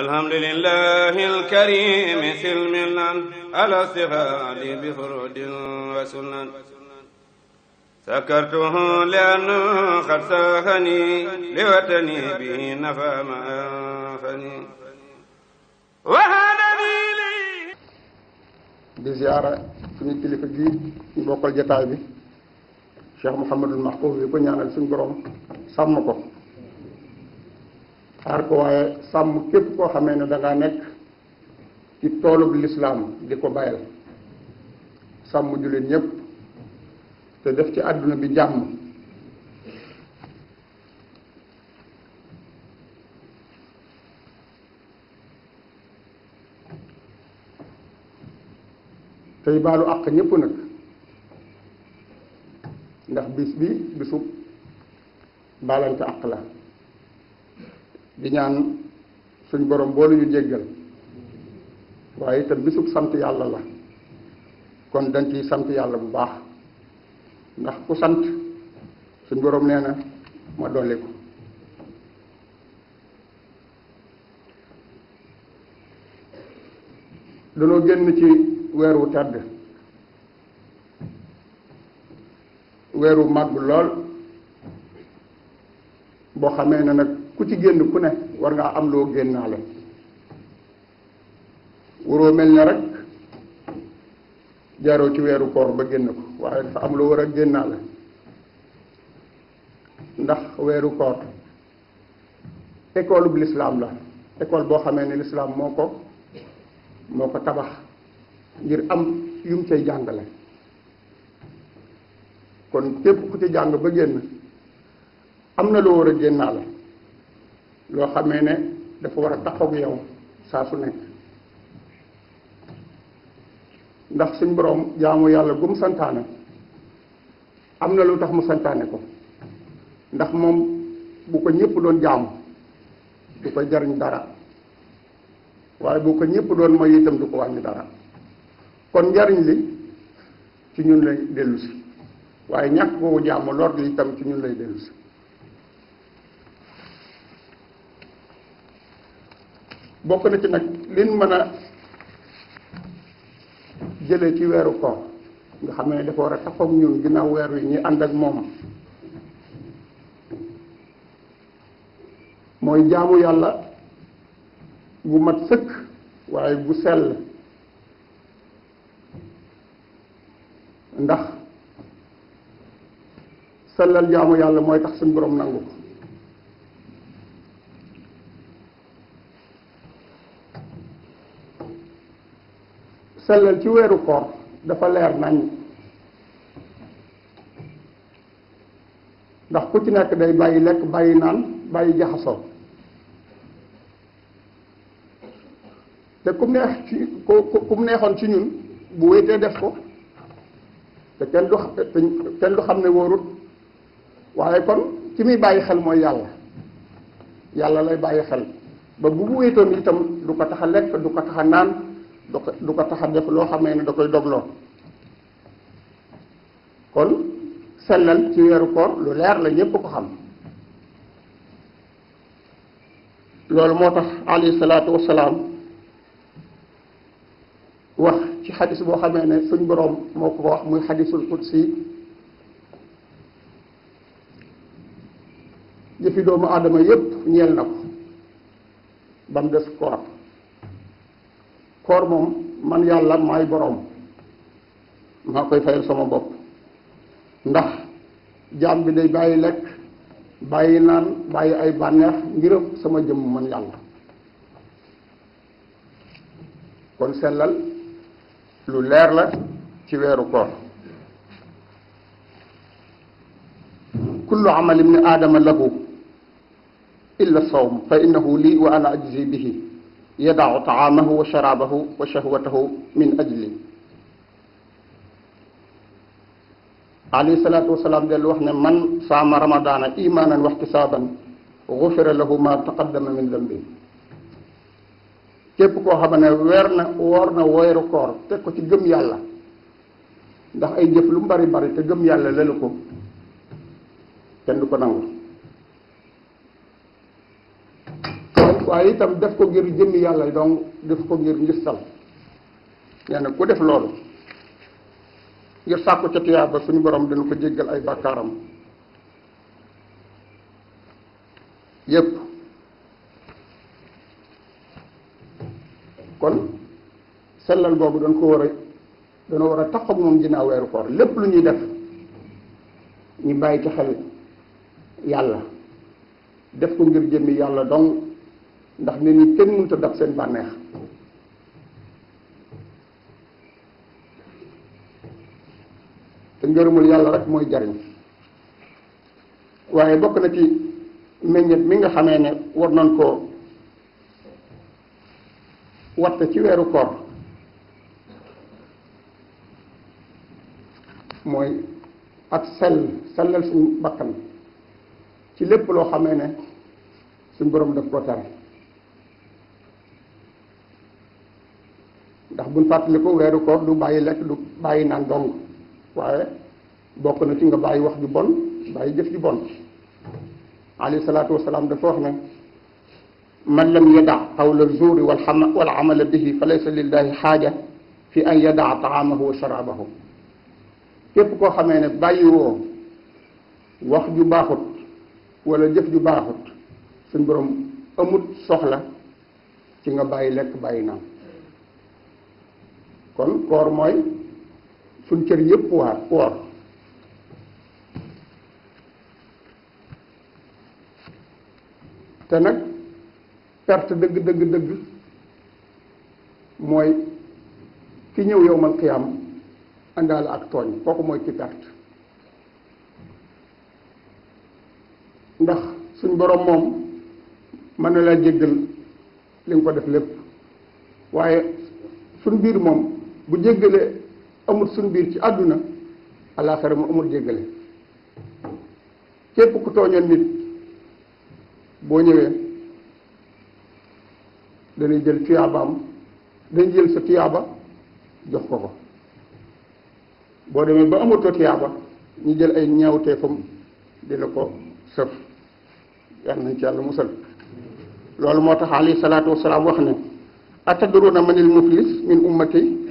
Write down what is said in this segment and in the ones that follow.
الحمد لله الكريم سلمنا على استغال بفرود وسنن سكرته لأنه قد ساهني لوطني به نفى ما أنفني وهدني لي di ziara suñu kilifa gi ñu bokkal jataay bi Cheikh Mouhamadul Mahfouz bi ko ñaanal suñu aar ko waaye sàmm képp koo xamee ne dangaa nekk ci toolub lislaam di ko bayal sàmm jullit ñépp te def ci àdduna bi jàmm tey baalu àq ñépp nag ndax bis bi bisu baalante àq la di ñaan suñ borom boo ñu jéggal waaye itam bisub sant yàlla la kon dañ ciy sant yàlla bu baax ndax ku sant suñ borom nee na ma dolli ko danoo génn ci weer wu tedd weer wu màgg lool boo xamee ne nag ku ci génn ku ne war ngaa am loo la waroo mel na rek jaaroo ci weeru koor ba génn ko waaye dafa am loo war a génnaale ndax weeru koor école lislaam la école boo xamee ne lislaam moo ko moo ko tabax ngir am yum cay jàngale kon képp ku ci jàng ba génn am na loo war a génnaale loo xamee ne dafa war a taxaw yow saa su nekk ndax suñ borom jaamu yàlla mu santaane am na lu tax mu santaane ko ndax moom bu ko ñëpp doon jaamu du ko jariñ dara waaye bu ko ñëpp doon mooy itam du ko wàññi dara kon jariñ li ci ñun lay dellusi waaye ñàkk boobu jaamu lor li itam ci ñun lay dellusi bokk na ci nag liñ mën a jëlee ci weeru ko nga xam ne dafa war a taxaw ñun ginnaaw weer wi ñuy ànd ak moom mooy jaamu yàlla bu mat sëkk waaye bu sell ndax sellal jaamu yàlla mooy tax seen boroom nangu ko sellal ci weeru koor dafa leer nañ ndax ku ci nekk day bàyyi lekk bàyyi naan bàyyi jaxasoo te ku neex ci ku ku neexoon ci ñun bu wéetee def ko te kenn kenn du xam ne wóorut waaye kon ci muy bàyyi xel mooy yàlla yàlla lay bàyyi xel ba bu wéetoon itam du ko tax a lekk du ko tax a naan du ko du ko tax a def loo xamee ni da koy dogloo kon sellal ci weeru koor lu leer la yépp ko xam loolu moo tax alayhi salaatu salaam wax ci xadis boo xamee ne suñ boroom moo ko wax muy xadisul qudsi jëfi doomu aadama yépp ñeel na ko ba mu des koor moom man yàlla may boroom maa koy fayal sama bopp ndax jaam bi day bàyyi lekk bàyyi naan bàyyi ay bànneex ngirëm sama jëmm man yàlla kon sellal lu leer la ci weeru koor kullu amal ibni aadama lahu illa sawm fa innahu lii ajzi bihi yadaau taamahu wa sharaabahu wa shahwatahu min ajli alayhi salaatu wasalaam dellu wax ne man saama ramadaana imaanan waxtisaaban gufira lahu ma taqaddama min dambi képp koo xam ne weer na woor na weeru koor teg ko ci gëm yàlla ndax ay jëf lu mu bari bari te gëm yàlla lelu ko kenn du ko nangu waaye itam def ko ngir jëmmi yàlla donc def ko ngir ngistal nee na ku def loolu ngir sàkku ca tuyaaba suñu boroom dina ko jéggal ay bàkkaaram yépp kon sellal boobu dañ ko war a dana war a tax moom ginnaaw weeru koor lépp lu ñuy def ñu bàyyi ci xel yàlla def ko ngir jëmmi yàlla dong ndax nit ñi kenn mënut a dab seen bànneex te ngërëmul yàlla rek mooy jariñ waaye bokk na ci meññet mi nga xamee ne war nañ koo watte ci weeru koor mooy ak sell sellal suñu bakkan ci lépp loo xamee ne suñu boroom daf koo tere ndax buñ fàttali ko weeru koor du bàyyi lekk du bàyyi naan dong waaye bokk na ci nga bàyyi wax ju bon bàyyi jëf ju bon alayhi salaatu wasalaam dafa man lam yadaa qawla zuuri wal xama wal amala bihi fa laysa lillahi xaaja fi an a taamahu wa sharaabahu képp koo xamee ne bàyyiwoo wax ju baaxut wala jëf ju baaxut suñ borom amut soxla ci nga bàyyi lekk bàyyi na kon koor mooy suñ cër yépp waar woor te nag perte dëgg dëgg dëgg mooy ki ñëw yowmal am àndaale ak tooñ kooku mooy ki perte ndax suñ boroom moom mën na laa jéggal li nga ko def lépp waaye suñ biir moom bu jéggale amul suñ biir ci àdduna alaaxira mu amul jéggale képp ku tooñoon nit boo ñëwee danay jël tuyaabaam dañ jël sa tiyaaba jox ko ko boo demee ba amatoo tiyaaba ñu jël ay ñaawteefam di la ko sëf yàlla nañ ci yàlla musal loolu moo tax alayhi salaatu wasalaam wax ne atadruna manil muflis min ummati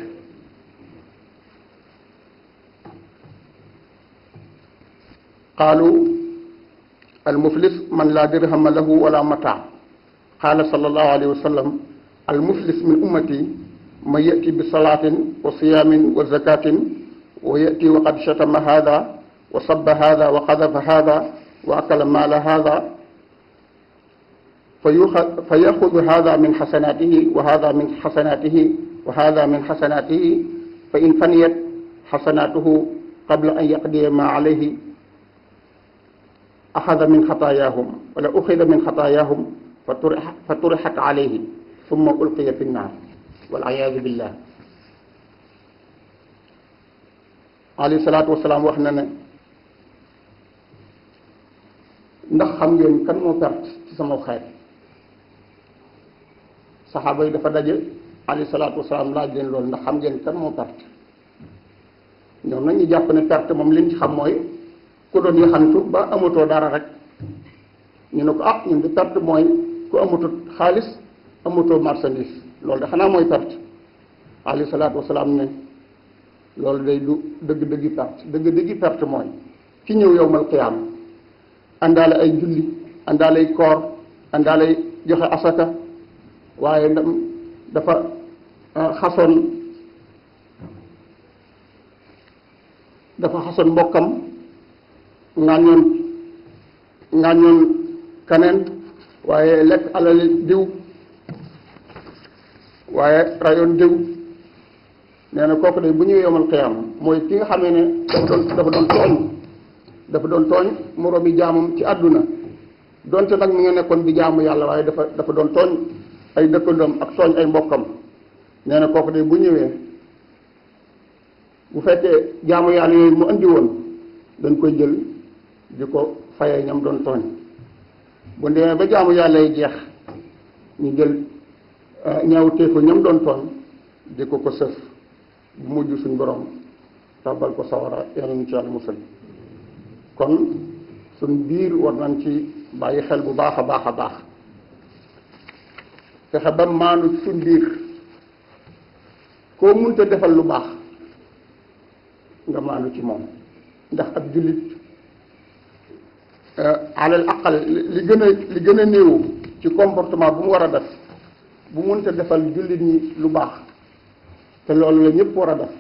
qaalu almuflis man laa dirhama lahu wala mataa qaala sallallahu alayhi wa sallam almuflis min ummati man yati bi salaatin wa siyaamin wa zakaatin wa yati wa qad shatama haada wa sabba haada wa qadafa haada wa akala maala haada fa yaxudu haada min xasanaatihi wa haada min xasanaatihi wa haada min xasanaatihi fa in faniyat xasanaatuhu qabla an yaqdiya maa alayhi axada min xataayaahum wala uxida min xataayaahum fa turi fa turixat alayhi summa ulqiya fi nnaar wal ayaadu billah alayhi salaatu wasalaam wax na ne ndax xam ngeen kan moo perte ci sama xeet saxaaba yi dafa daje alayhi salaatu wasalaam laaj leen loolu ndax xam ngeen kan moo perte ñoom nañu jàpp ne perte moom liñ ci xam mooy ku doon yaxantu ba amatoo dara rek ñu ne ko ah ñun di perte mooy ku amatut xaalis amatoo marchandise loolu de xanaa mooy perte alayhi salaatu wasalaam ne loolu day du dëgg-dëggi perte dëgg-dëggi perte mooy ki ñëw yowmal qiyaam àndaale ay julli àndaale ay koor àndaale ay joxe asaka waaye dafa ah, xasoon dafa xasoon mbokkam ŋàññoon ŋàññoon kaneen waaye lekk alali diw waaye rayoon diw nee na kooku day bu ñëwee yomal xiyaam mooy ki nga xamee ne dafa doon dafa doon tooñ dafa doon tooñ moroomi jaamam ci àdduna donte nag mu nga nekkoon di jaamu yàlla waaye dafa dafa doon tooñ ay dëkkandoom ak tooñ ay mbokkam nee kooku day bu ñëwee bu fekkee jaamu yàlla yooyu mu andi dañ koy jël di ko fayee ñam doon tooñ bu demee ba jaamu yàlla yi jeex ñu jël euh, ñaawteefu ñam doon tooñ di ko ko sëf bu mujj suñ borom tàbbal ko sawara yeneen ci yàlla musal kon suñ biir war nañ ci bàyyi xel bu baax a baax a baax fexe ba maanu suñ biir koo munta defal lu baax nga maanu ci moom ndax ab jullit Euh, alal aqal li a li gën a néew ci comportement bu mu war a def bu mënta defal jullit ñi lu baax te loolu la ñépp war a def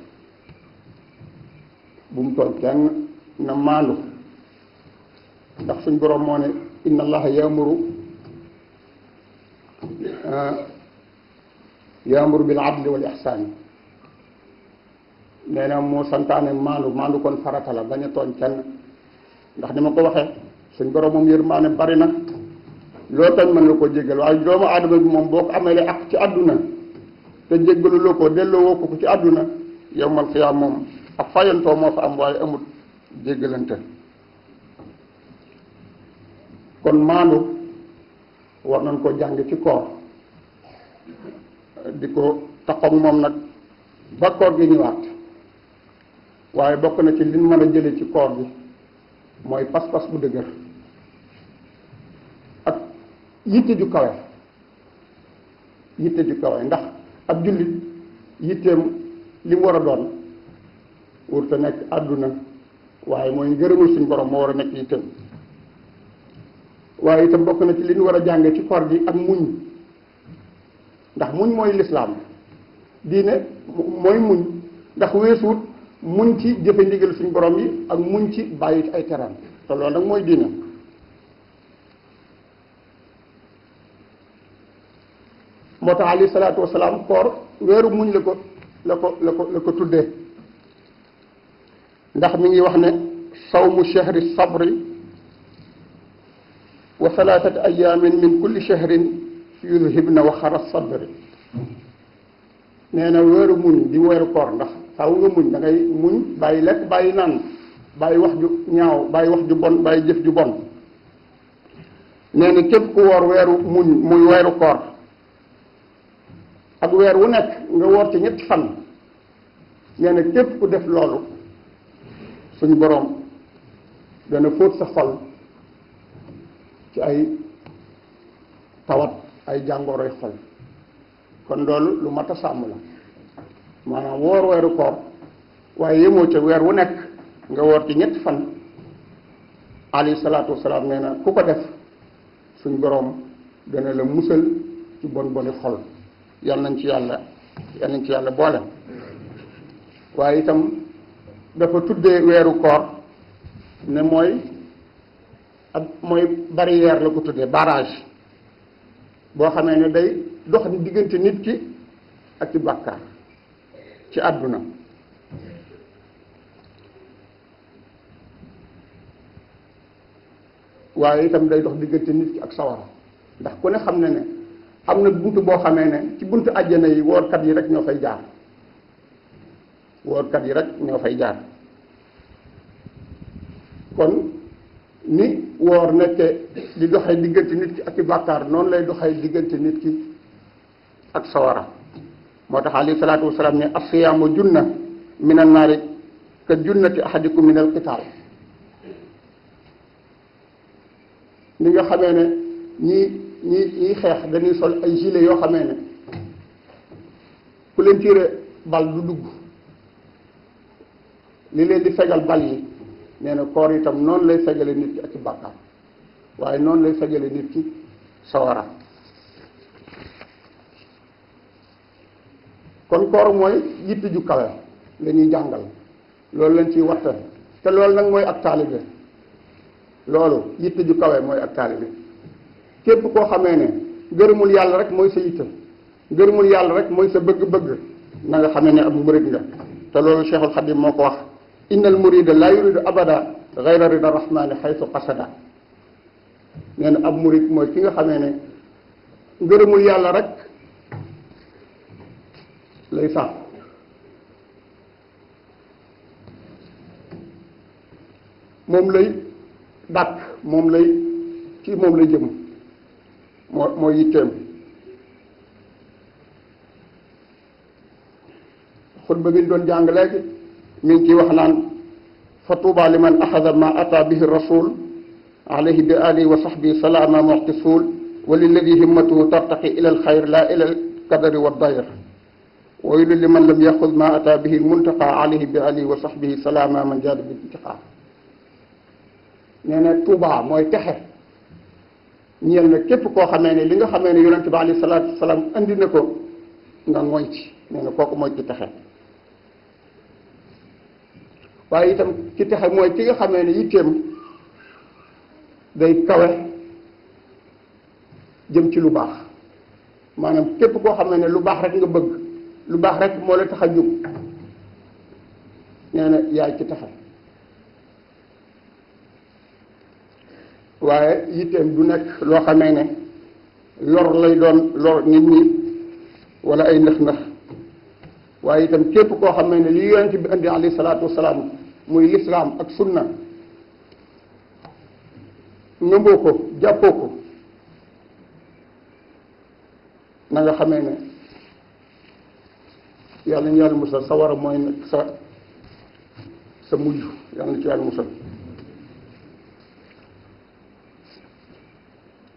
bu mu toog kenn na maandu ndax suñ boroom moo ne inna allaha yaamuru euh, yaamuru bil adli wal ihsaan nee na moo santaane maandu maandu kon farata la bañ a ndax ni ma ko waxee suñ borom moom yërmaane bari na loo tooñ man la ko jéggal waaye doomu aadama bi moom boo ko amee ak ci àdduna te jéggalu loo ko delloo woo ko ci àdduna yow man xiyaam moom ak fayantoo moo fa am waaye amut jéggalante kon maandu war nañ ko jàng ci koor di ko taxaw moom nag ba koor gi ñëwaat waaye bokk na ci liñ mën a jële ci koor bi mooy pas-pas bu dëgër yitte ju kawe yitte ju kawe ndax ak jullit yitteem li mu war a doon wur te nekk àdduna waaye mooy ngërëmul suñ borom moo war a nekk yitteem waaye itam bokk na ci li ñu war a jàngee ci koor bi ak muñ ndax muñ mooy lislaam diine mooy muñ ndax weesuut muñ ci jëfe ndigal suñ borom yi ak muñ ci bàyyi ay teraan te loolu mooy diine moo tax alayhi salaatu salaam koor weeru muñ la ko la ko la la ko tuddee ndax mi ngi wax ne sawmu shahri sabri wa salaasati ayaamin min kulli shahrin yuzhibna wa xara sabri nee na weeru muñ di weeru koor ndax xaw nga muñ da ngay muñ bàyyi lekk bàyyi naan bàyyi wax ju ñaaw bàyyi wax ju bon bàyyi jëf bon nee na ku woor weeru muñ weeru koor ak weer wu nekk nga woor ci ñetti fan nee na képp ku def loolu suñu boroom dana fóot sa xol ci ay tawat ay jàngoroy xol kon loolu lu mat a sàmm la maanaam woor weeru koor waaye yemoo ca weer wu nekk nga woor ci ñetti fan alayhi salaatu wasalaam nee na ku ko def suñ boroom dana la musal ci bon boni xol yal nañ ci yàlla yal nañ ci yàlla boole waaye itam dafa tuddee weeru koor ne mooy ak mooy barrière la ko tuddee barrage boo xamee ne day dox diggante nit ki ak ci bàkkaar ci àdduna waaye itam day dox diggante nit ki ak sawara ndax ku ne xam ne ne am na bunt boo xamee ne ci bunt àjjana yi woorkat yi rek ñoo fay jaar woorkat yi rek ñoo fay jaar kon ni woor nekke di doxee diggante nit ki ak i noonu lay doxee diggante nit ki ak sawara moo tax alayhi salaatu wasalaam ne asiyaamu junna minan naari ka junnati ahadikum minal qitaal ni nga xamee ne ñii ñi ñiy xeex dañuy sol ay gilet yoo xamee ne ku leen tiire bal du dugg li leen di fegal bal yi nee na yi tam noonu lay fegale nit ki ak bàkkaar waaye noonu lay fegale nit ki sawara kon koor mooy yitte ju kawe la jàngal loolu lañ ciy waxtaan te loolu nag mooy ak taalibe loolu yitte ju kawe mooy ak taalibe képp koo xamee ne gërëmul yàlla rek mooy sa yitte gërëmul yàlla rek mooy sa bëgg-bëgg na nga xamee ne ab murid nga te loolu Cheikhul Khadim moo ko wax innal murida la yuridu abada gayra rida rahmani xaytu qasada nee na ab mooy ki nga xamee ne ngërëmul yàlla rek lay sax moom lay dàkk moom lay ci moom lay jëm moo moo yitteem xutba bi ñu doon jàng léegi mi ngi ciy wax naan fa tuuba li man axada ma ata bihi rasul alayhi bi alihi wa sahbi salaama muxtisul wa lilladi himmatuhu tartaqi ila alxayr la ila alkadari wa dayr waylu li man lam yaxud ma ata bihi muntaqa alayhi bi alihi wa sahbihi salaama man jaada bi intiqa nee na tuuba mooy texe ñeel na képp koo xamee ne li nga xamee ne yonente bi alayhi salaat wasalaam andi na ko nga ngoñ ci nee na kooku mooy ki texe waaye itam ki texe mooy ki nga xamee ne yitteem day kawe jëm ci lu baax maanaam képp koo xamee ne lu baax rek nga bëgg lu baax rek moo la tax a jóg nee na yaay ci texe waaye yitteem du nekk loo xamee ne lor lay doon lor nit ñi wala ay ndax-ndax waaye itam képp koo xamee ne li yonent bi indi alayhi salaatu wasalaam muy islaam ak sunna ngëmboo ko jàppoo ko na nga xamee ne yàlla ñu yàlla musal sa war a mooy nag sa sa mujj yàlla na ci yàlla musal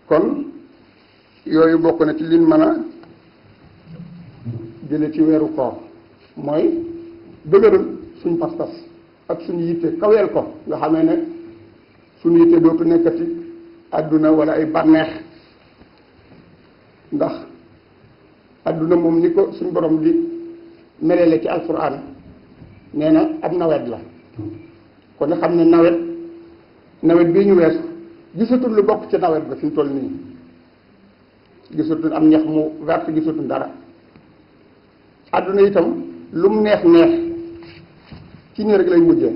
kon yooyu bokk na ci liñ mën a jële ci weeru koor mooy dëgëral suñ pas-pas ak suñu yitte kaweel ko nga xamee ne suñu yitte dootu nekkati àdduna wala ay bànneex ndax àdduna moom ni ko suñ borom di melele ci alquran nee na ab nawet la kon nga xam ne nawet nawet bii ñu weesu gisatul lu bokk ci nawet ba fi mu toll nii gisatul am ñax mu wert gisatul dara àdduna itam lu mu neex neex ci nii rek lay mujjee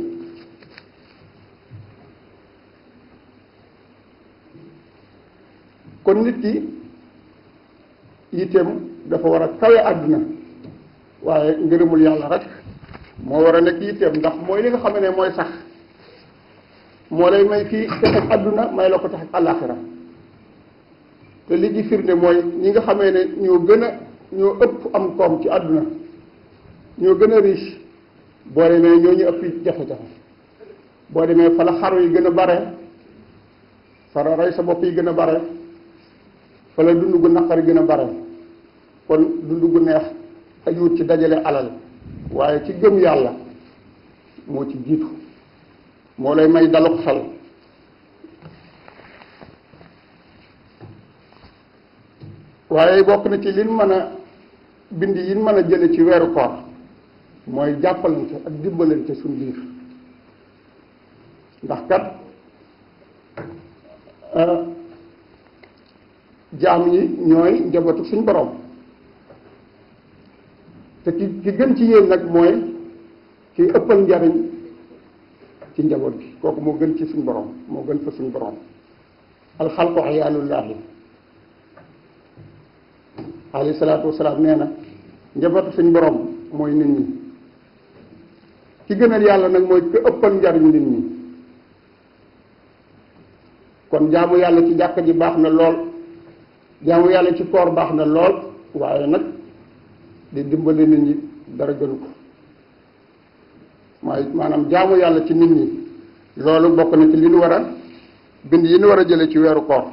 kon nit ki yitteem dafa war a kawe àdduna waaye ngërëmul yàlla rek moo war a nekk yitteem ndax mooy li nga xam ne mooy sax moo lay may kii texeg àdduna may la ko texeg àllaaxira te li ci firnde mooy ñi nga xamee ne ñoo gën a ñoo ëpp am koom ci àdduna ñoo gën a riche boo demee ñoo ñu ëpp jafe-jafe boo demee fa la xaru yi gën a bare fa la sa bopp yi gën a bare fa la dund gu naqar yi gën a bare kon dund gu neex ajuut ci dajale alal waaye ci gëm yàlla moo ci jiitu moo lay may daluk xel waaye bokk na ci lin mën a bind yin mën a jële ci weeru ko mooy jàppalante ak dimbalante suñ biir ndax kat euh, jaam yi ñooy njabatu suñ boroom te ki ki gën ci yéen nag mooy ki ëppal njariñ ci njaboot gi kooku moo gën ci suñu borom moo gën fa suñu borom alxalqu ayaanullaahi alayhi salaatu wasalaam nee na njabootu suñu boroom mooy nit ñi ki gënal yàlla nag mooy ki ëppal njariñ nit ñi kon jaamu yàlla ci jàkka ji baax na lool jaamu yàlla ci koor baax na lool waaye nag di dimbali nit ñi dara gënu ko mooy maanaam jaamu yàlla ci nit ñi loolu bokk na ci li nu war a bind yi ñu war a jële ci weeru koor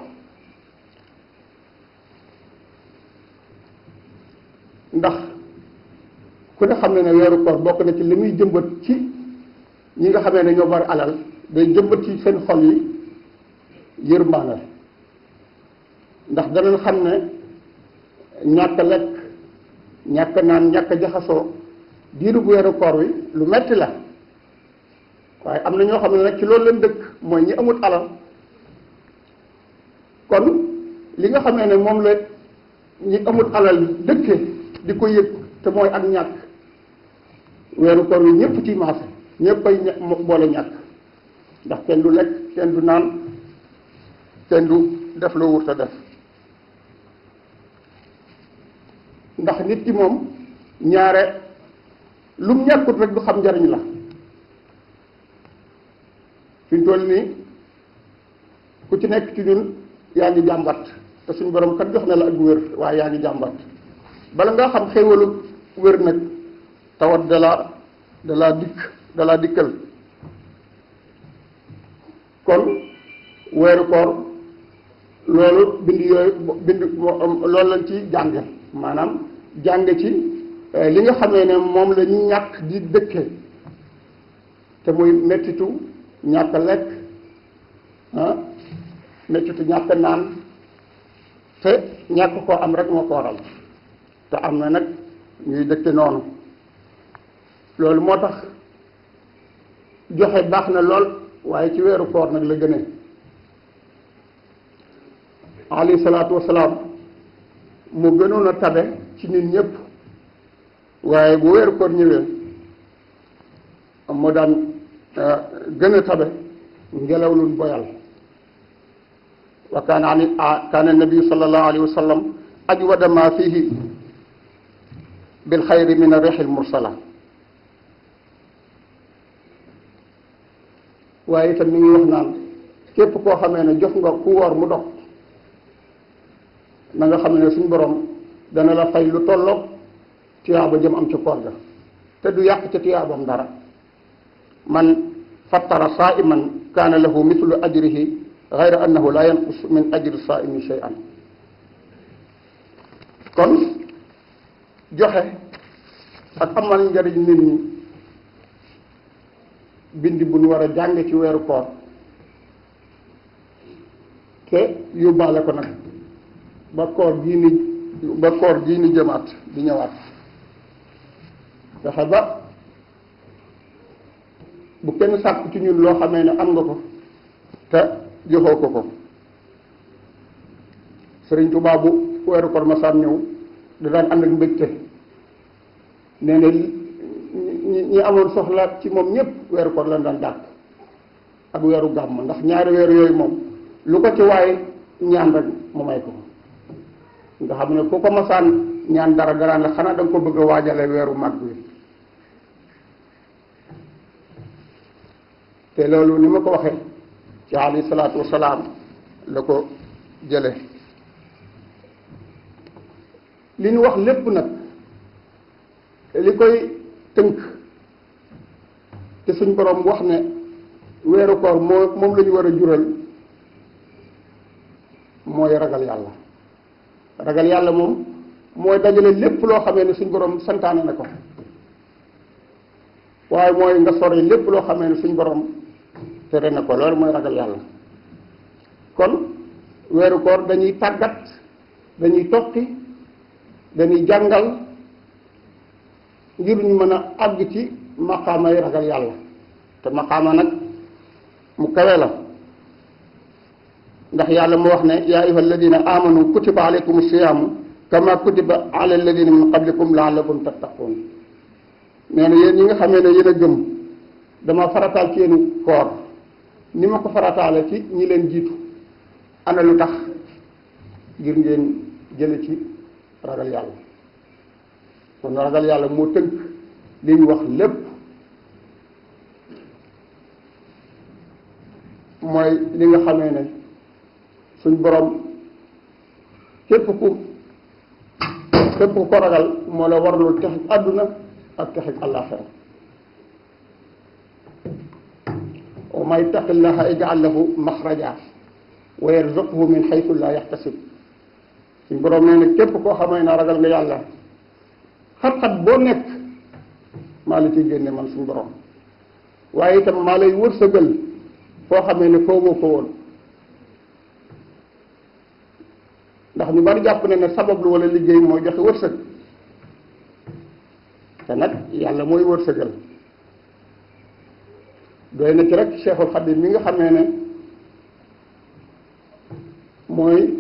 ndax ku ne xam ne ne weeru koor bokk na ci li muy jëmbat ci ñi nga xamee ne ñoo bari alal day jëmbat ci seen xol yi yërmaande ndax danañ xam ne ñàkk lekk ñàkk naan ñàkk jaxasoo diiru bu weeru koor wi lu metti la waaye am na ñoo xam ne nag ci loolu leen dëkk mooy ñi amut alal kon li nga xam ne moom la ñi amut alal dëkke di ko yëg te mooy ak ñàkk weeru koor wi ñëpp ci maase ñëpp ay boole ñàkk ndax kenn du lekk kenn du naan kenn du def loo wurta def ndax nit moom ñaare lu mu ñàkkut rek du xam njariñ la suñ toll nii ku ci nekk ci ñun yaa ngi jàmbat te suñ borom kat jox na la ak wér waaye yaa ngi jàmbat bala ngaa xam xéewalu wér nag tawat dalaa dalaa dikk dalaa dikkal kon weeru koor loolu bind yooyu bind loolu lañ ci jànge maanaam jànge ci Euh, li nga xamee ne moom la ñu ñàkk di dëkke te muy mettitu ñàkk lekk ah mettitu ñàkk naan te ñàkk koo am rek moo ko te am na nag ñuy dëkke noonu loolu moo tax joxe baax na lool waaye ci weeru koor nag la gënee alayhi salaatu wasalaam mu gënoon a tabe ci nit ñëpp waaye bu ko koor ñëwee moo daan gën a tabe ngelaw lu boyal wa kaana ani kaana nabi sallallahu alayhi wa sallam ajwada ma fihi bil xayri min arriixil mursala waaye itam mi ngi wax naan képp koo xamee ne jox nga ku woor mu dog na nga xam ne suñ borom dana la fay lu tolloog tuyaaba jëm am ci koor ga te du yàq ci tuyaabam dara man fattara saa'iman kaana lahu mithlu ajrihi gayra annahu laa yanqus min ajri saa'imi shay'an kon joxe ak amal njariñ nit ñi bind bu ñu war a jàng ci weeru koor te yóbbaale ko nag ba koor gii ni ba koor gii ni jëmaat di ñëwaat fexe ba bu kenn sàkk ci ñun loo xamee ne am nga ko te joxoo ko ko sëriñ Tuubaa bu weeru koor masaan ñëw da daan ànd ak mbégte nee na ñi ñi amoon soxla ci moom ñëpp weeru koor lañ daan dàkk ak weeru gàmm ndax ñaari weer yooyu moom lu ko ci waaye ñaan rek mu may ko nga xam ne koo ko masaan ñaan dara daraan la xanaa da nga ko bëgg a waajale weeru mag wi te loolu ni ma ko waxee ci alayhi salaatu wasalaam la ko jële li ñu wax lépp nag li koy tënk te suñ borom wax ne weeru koor moo moom la jural mooy ragal yàlla ragal yàlla moom mooy dajale lépp loo xamee ne suñ borom santaane na ko waaye mooy nga sori lépp loo xamee ne suñ borom tere na ko loolu mooy ragal yàlla kon weeru koor dañuy tàggat dañuy toqi dañuy jàngal ngir ñu mën a àgg ci maqaama yi ragal yàlla te maqaama nag mu kawe la ndax yàlla mu wax ne yaa ayyuha alladina amanu kutiba alaykum siyaamu kama kutiba ala alladina min qablikum laallakum tattaqun nee na yéen nga xamee ne yéen gëm dama farataal ci koor ni ma ko farataale ci ñi leen jiitu ana lu tax ngir ngeen jële ci ragal yàlla kon ragal yàlla moo tënk li ñu wax lépp mooy li nga xamee ne suñ borom képp ku képp ku ko ragal moo la warlul texeg àdduna ak texeg àllaaxira وما يتق الله يجعل له مخرجا ويرزقه من حيث لا يحتسب suñ borom nee na képp koo xamee na ragal nga yàlla xat-xat boo nekk maa la ciy génne man suñ borom waaye itam maa lay wërsëgal foo xamee ne foogoo ko woon ndax ñu bari jàpp ne ne sabab lu wala liggéey mooy joxe wërsëg te nag yàlla mooy wërsëgal doy na ci rek Cheikhul Khadim mi nga xamee ne mooy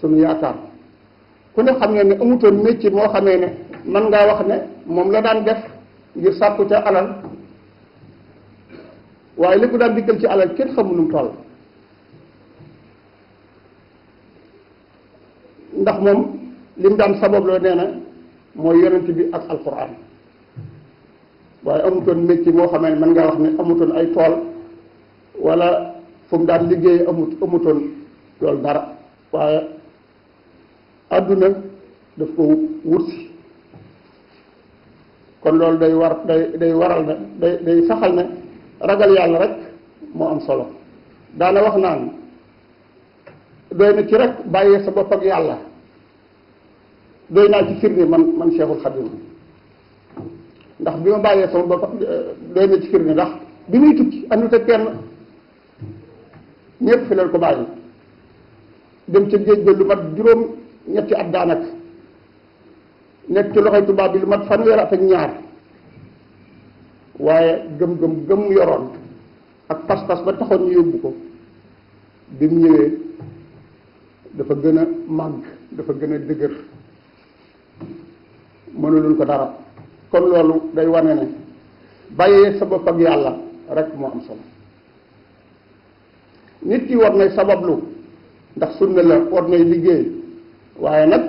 sunu yaakaar ku ne xam ne ne amutoon métier moo xamee ne man ngaa wax ne moom la daan def ngir sàkku ca alal waaye li ko daan dikkal ci alal kenn xamul nu mu ndax moom li mu daan loo nee na mooy yonent bi ak alquran waaye amutoon métier moo xamee ne mën ngaa wax ne amutoon ay tool wala fu mu daan liggéey amut amutoon loolu dara waaye àdduna daf ko wut si kon loolu day war day day waral ne day day saxal ne ragal yàlla rek moo am solo daana wax naan doy na ci rek bàyyee sa bopp yàlla doy naa ci firnde man man Cheikhul Khadim ndax bi ma bàyyee sama bopp doy na ci firnde ndax bi muy tukki am na te kenn ñëpp fi leen ko bàyyi dem ca géej ga lu mat juróom ñetti at daanaka nekk ci loxoy tubaab bi lu mat fanweer at ak ñaar waaye gëm-gëm gëm yoroon ak pas-pas ba taxoon ñu yóbbu ko bi mu ñëwee dafa gën a màgg dafa gën a dëgër mënuluñ ko dara kon loolu day wane ne bàyyee sa bopp ak yàlla rek moo am solo nit ki war nay sabablu ndax sunna la war nay liggéey waaye nag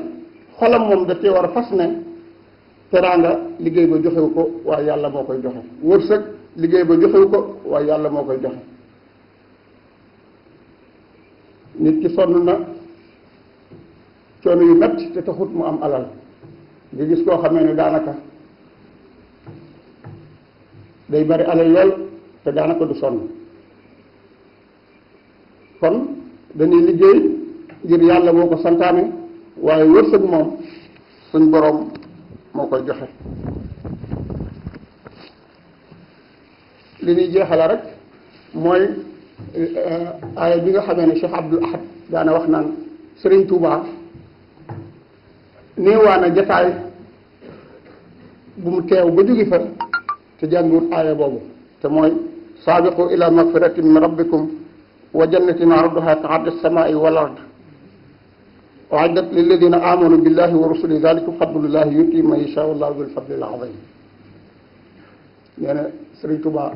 xolam moom da cee war a fas ne teraanga liggéey ba joxewu ko waaye yàlla moo koy joxe liggéey ba joxewu ko yàlla moo koy joxe nit ki sonn na coono yu metti te taxut mu am alal nga gis koo xamee ne daanaka day bari alal lool te daanaka du sonn kon dañuy liggéey ngir yàlla boo ko santaane waaye wërsëg moom suñ boroom moo koy joxe li ñuy jeexala mooy euh, aaya bi nga xamee ne Cheikh Abdul Ahad daana wax naan Sëriñ Tuubaa néewaa na jataay bu mu teew ba jóge fa te jàngiwut aaya boobu te mooy saabiqu ila magfiratin min rabbikum wa jannatin arduha ka ardi samai wal ard uiddat lilladina amanu billahi wa rusuli dalika fadlullahi yuti man yasha wallahu dul fadli al azim nee na Sëriñ Tuubaa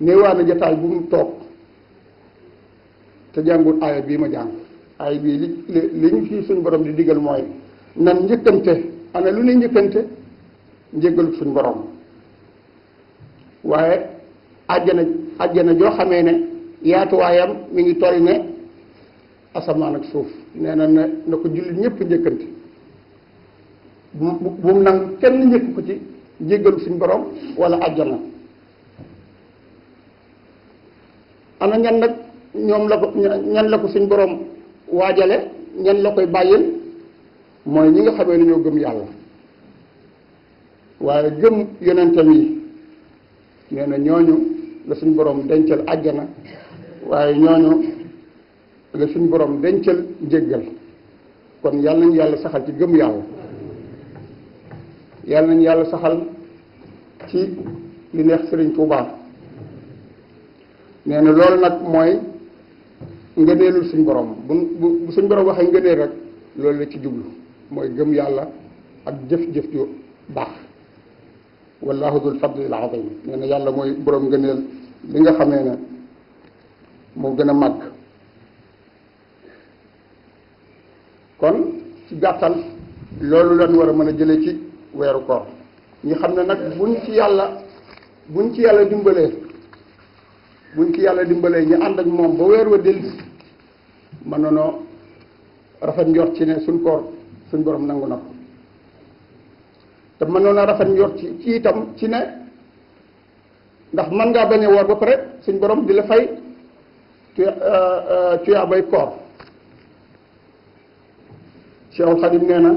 néewaa na jataay bu mu toog te jàngul aaya bii ma jàng aaya bii li li ñu fii suñu borom di digal mooy nan njëkkante ana lu ne njëkkante njëggalu suñu borom waaye àjjana àjjana joo xamee ne yaatuwaayam mi ngi toll ne asamaan ak suuf nee na ne na ko jullit ñëpp njëkkante bu bu mu nangu kenn njëkk ko ci jéggalu suñ borom wala àjjana ana ñan nag ñoom la ko ñan la ko suñ borom waajale ñan la koy bàyyil mooy ñi nga xamee ne ñoo gëm yàlla waaye gëm yonentam yi nee na ñooñu la suñ borom dencal àjjana waaye ñooñu la suñ borom dencal njéggal kon yàlla nañu yàlla saxal ci gëm yàlla yàlla nañu yàlla saxal ci li neex Sëriñ Tuubaa nee na loolu nag mooy ngëneelul suñ boroom bu bu suñ borom waxee ngëneel rek loolu la ci jublu mooy gëm yàlla ak jëf-jëf ju baax wallahu dul fadlil azim nee na yàlla mooy borom ngëneel li nga xame ne moo gën a mag kon ci gàttal loolu lañ war a mën a jëlee ci weeru ko ñi xam ne nag buñ ci yàlla buñ ci yàlla dimbalee buñ ci yàlla dimbalee ñu ànd ak moom ba weer wa dellusi mën nanoo rafet njort ci ne suñ ko suñ borom nangu na te mënoon a rafet njort ci ci itam ci ne ndax man ngaa bañ a ba pare suñ borom di la fay euh, euh, tuyaa bay koor Cheikhul Khadim nee na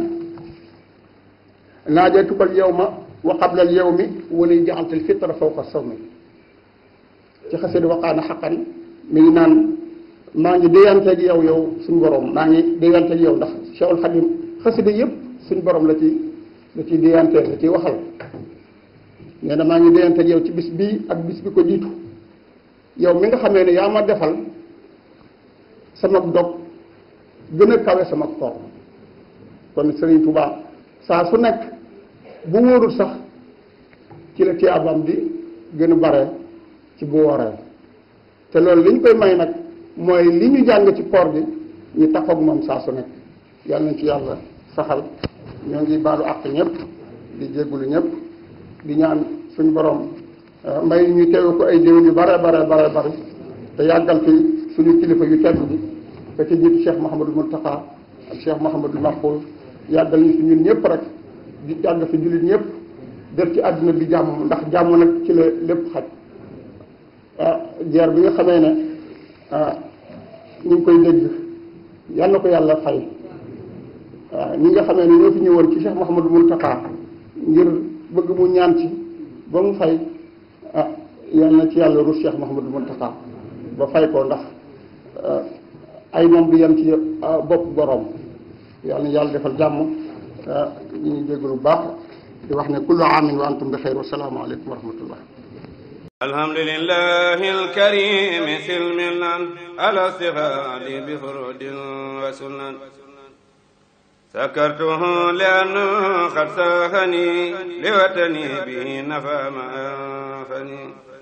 naajaatukal yawma wa qabla al yawmi wali jaxaltal fitra fawqa sawmi ci xasida waqaana xaqan mi naan maa ngi déyanteeg yow yow suñ borom maa ngi déyanteeg yow ndax Cheikhul Khadim xasida yëpp suñ borom la ci lu ci déyante lu ci waxal nee na maa ngi déyante ak yow ci bis bi ak bis bi ko jiitu yow mi nga xamee ne yaa ma defal sama dog gën a kawe sama koor kon Serigne Touba saa su nekk bu wóorul sax ci la tiyaabam di gën a bare ci bu wooree te loolu li ñu koy may nag mooy li ñu jàng ci koor bi ñu taxoog moom saa su nekk yàlla nañ ci yàlla saxal ñoo ngi baalu àq ñëpp di jéggulu ñëpp di ñaan suñ borom euh, may ñu teew ko ay déwén yu bare bare bare bare te yàggal fi suñu kilifa yu tedd bi te ci jiitu Cheikh Mouhamadul Mountakha ak Cheikh Mouhamadul Mahfouz yàggal ñu si ñun rek di yàgg fi jullit ñëpp def ci àdduna bi jàmm ndax jàmm nag ci la lépp xaj ah guerre bi xamee ne ah ñu koy dégg yal na ko yàlla fay waaw euh, ñi nga xamee ne ñoo fi ñëwoon ci Cheikh Mouhamadou Mountakha ngir bëgg mu ñaan ci ba mu fay ah yal na ci yàlla rus Cheikh Mouhamadou Mountakha ba fay ko ndax euh, ay moom du yem ci euh, bopp boroom yal na yàlla defal jàmm ñu ngi dégg lu baax di wax ne kullu aamin wa antum bi xeyr wa salaamu aleykum wa rahmatullah الحمد لله الكريم سلمنا على استفاد بفرد وسنن شكرته لأنه قد ساخني لوطني به نفى ما أنفني